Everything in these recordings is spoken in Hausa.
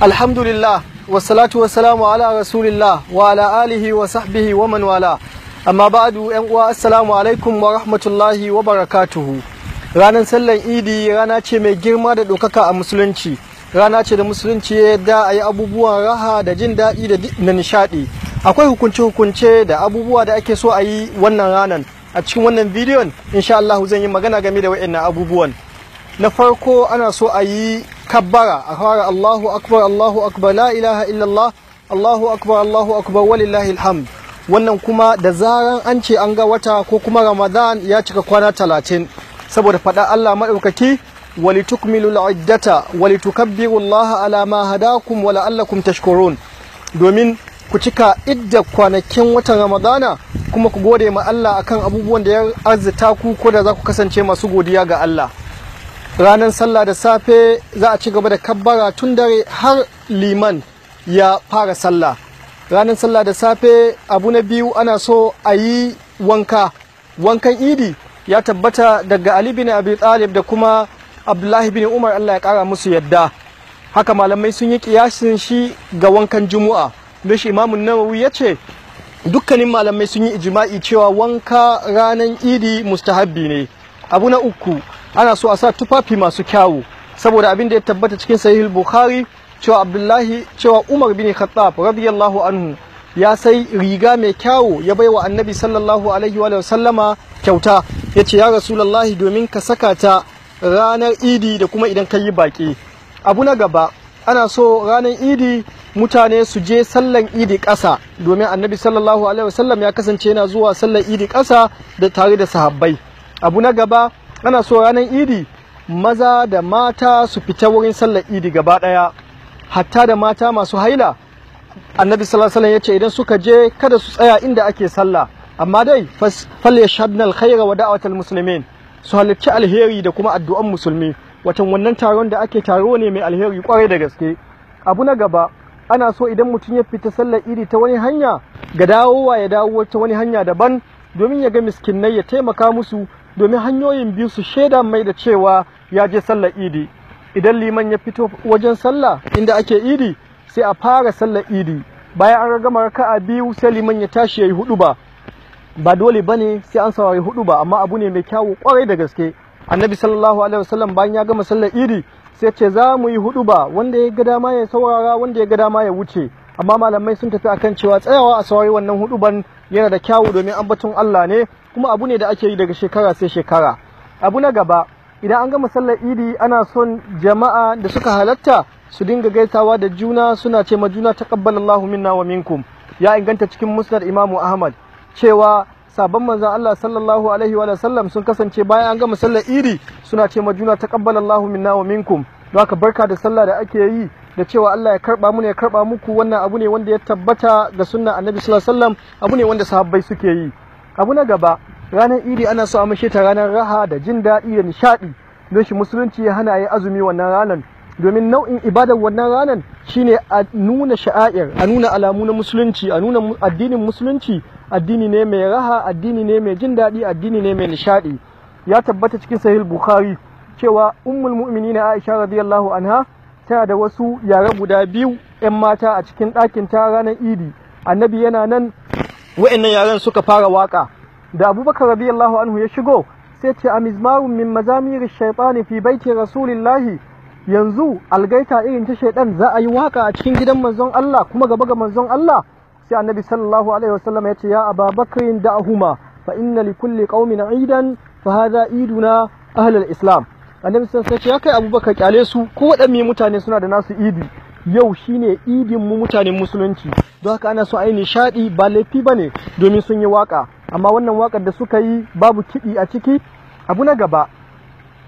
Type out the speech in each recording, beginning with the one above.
alhamdulillah wasalatu wasalamu ala rasulillah wa ala alihi wa sahbihi wa man wala amma ba'du yan uwa assalamu alaikum wa rahmatullahi wa barakatuhu ranar sallan idi rana ce mai girma da ɗaukaka a musulunci rana ce da musulunci ya yadda a yi abubuwan raha da jin daɗi da nishaɗi akwai hukunce-hukunce da abubuwa da ake so a yi wannan ranar a cikin wannan bidiyon insha zan yi magana game da wa'annan abubuwan na farko ana so a yi kabbara a fara Allahu الله Allahu لا la ilaha illallah Allahu أكبر Allahu أكبر ولله الحمد wannan kuma da zaran an ce an ga wata ko kuma Ramadan ya cika kwana talatin saboda faɗa Allah maɗaukaki walitukmilu al'iddata wali Allah ala ma hadakum wa la'allakum tashkurun domin ku cika idda kwanakin watan Ramadana kuma ku gode ma Allah akan abubuwan da ya arzita ku ko da za ku kasance masu godiya ga Allah ranar sallah da safe za a ci gaba da kabbara tun dare har liman ya fara sallah ranar sallah da safe abu na biyu ana so a yi wanka wankan idi ya tabbata daga ali bin abi talib da kuma abdullahi bin umar allah ya kara musu yadda haka malamai sun yi kiyasin shi ga wankan juma'a don shi imamun nawawi ya ce dukkanin malamai sun yi ijima'i cewa wanka ranar idi mustahabbi ne abu na uku ana so a sa tufafi masu kyawu saboda abin da ya tabbata cikin sahih bukhari cewa abdullahi cewa umar bin khattab radiyallahu anhu ya sai riga mai kyawu ya bai wa annabi sallallahu alaihi wa sallama kyauta ya ce ya rasulallahi domin ka saka ta ranar idi da kuma idan ka yi baƙi abu na gaba ana so ranar idi mutane su je sallan idi ƙasa domin annabi sallallahu alaihi sallam ya kasance yana zuwa sallan idi ƙasa da tare da sahabbai abu na gaba ana so ranar idi maza da mata su fita wurin sallar idi gaba ɗaya hatta da mata masu haila annabi sallallahu alaihi ya ce idan suka je kada su tsaya inda ake sallah amma dai fal yashhadna alkhaira wa da'watal muslimin su halicci alheri da kuma addu'an musulmi watan wannan taron da ake taro ne mai alheri kwarai da gaske abu na gaba ana so idan mutum ya fita sallar idi ta wani hanya ga dawowa ya dawo ta wani hanya daban domin ya ga miskinai ya taimaka musu domin hanyoyin biyu su shaida mai da cewa ya je sallar idi idan liman ya fito wajen sallah inda ake idi sai a fara sallar idi bayan an gama raka'a biyu sai liman ya tashi ya yi hudu ba ba dole ba ne sai an saurari hudu ba amma abu ne mai kyawu kwarai da gaske annabi sallallahu alaihi wasallam bayan ya gama sallar idi sai ce za mu yi hudu ba wanda ya ga dama ya saurara wanda ya ga dama ya wuce amma malamai sun tafi akan cewa tsayawa a sauri wannan huduban yana da kyawu domin ambaton Allah ne kuma abu ne da ake yi daga shekara sai shekara abu na gaba idan an gama sallar idi ana son jama'a da suka halatta su dinga gaisawa da juna suna ce ma juna taqabbalallahu minna wa minkum ya inganta cikin musnad imamu ahmad cewa sabon manzon Allah sallallahu alaihi wa sallam sun kasance bayan an gama sallar idi suna ce ma juna taqabbalallahu minna wa minkum don haka barka da sallah da ake yi da cewa Allah ya karba mu ne ya karba muku wannan abu ne wanda ya tabbata ga sunna annabi sallallahu alaihi wasallam abu ne wanda sahabbai suke yi abu na gaba ranar idi ana so a mashe ta ranar raha da jin daɗi da nishaɗi don shi musulunci ya hana yi azumi wannan ranar domin nau'in ibadar wannan ranar shine a nuna sha'air a nuna alamu na musulunci a nuna addinin musulunci addini ne mai raha addini ne mai jin daɗi addini ne mai nishaɗi ya tabbata cikin sahih bukhari cewa ummul mu'minin aisha radiyallahu anha ta da wasu yare guda biyu 'yan mata a cikin ɗakin ta ranar idi annabi yana nan wa'annan yaren suka fara waƙa. da abubakar radiyallahu anhu ya shigo sai ce a mizmarun min mazamir shaitani fi baiti rasulillahi yanzu algaita irin ta shaidan za a yi waƙa a cikin gidan manzon Allah kuma gaba ga manzon Allah sai annabi sallallahu alaihi wasallam ya ce ya ababakrin da'ahuma fa inna li kulli qaumin idan fa hadha iduna ahlul islam annabi sun sai ce ya kai abubakar kyale su ko waɗanne mutane suna da nasu idi yau shine idin mu mutanen musulunci don haka ana so a yi nishaɗi ba laifi ba ne domin sun yi waka amma wannan wakar da suka yi babu kiɗi a ciki abu na gaba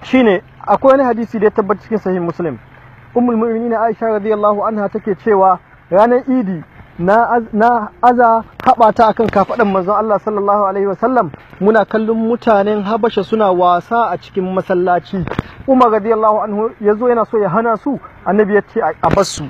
shine akwai wani hadisi da ya tabbata cikin sahih muslim ummul mu'minin aisha radiyallahu anha take cewa ranar idi na aza haɓata akan kafaɗin manzon Allah sallallahu alaihi wasallam muna kallon mutanen Habasha suna wasa a cikin masallaci Umar radiyallahu anhu zo yana so ya hana su annabi ya ce a basu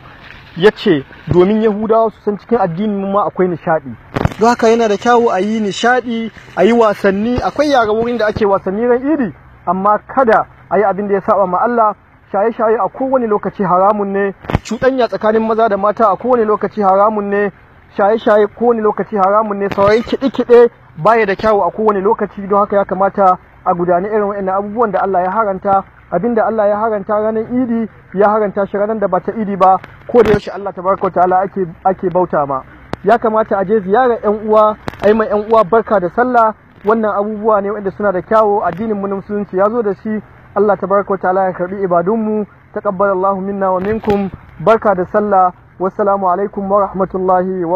ya ce domin Yahudawa su san cikin addinin ma akwai nishaɗi don haka yana da kyawu a yi nishaɗi a yi wasanni akwai yara wurin da ake wasanni ran iri amma kada a yi abin da ya saba ma Allah shaye-shaye a kowane lokaci haramun ne cuɗanya tsakanin maza da mata a kowane lokaci haramun ne shaye-shaye kowane lokaci haramun ne saurayin kiɗe-kiɗe baya da kyawu a kowane lokaci don haka ya kamata a gudani irin wa'annan abubuwan da Allah ya haranta da Allah ya haranta ranar idi ya haranta shi ranar da ba ta idi ba ko da yaushe Allah ta wa ta'ala ake ake bauta ma ya kamata a je ziyara yan uwa a yi mai yan uwa barka da sallah wannan abubuwa ne wanda suna da kyawu addinin mu na musulunci ya zo da shi Allah ta tabaraka ta'ala ya karbi ibadunmu taqabbalallahu minna wa minkum barka da sallah wassalamu alaikum wa rahmatullahi wa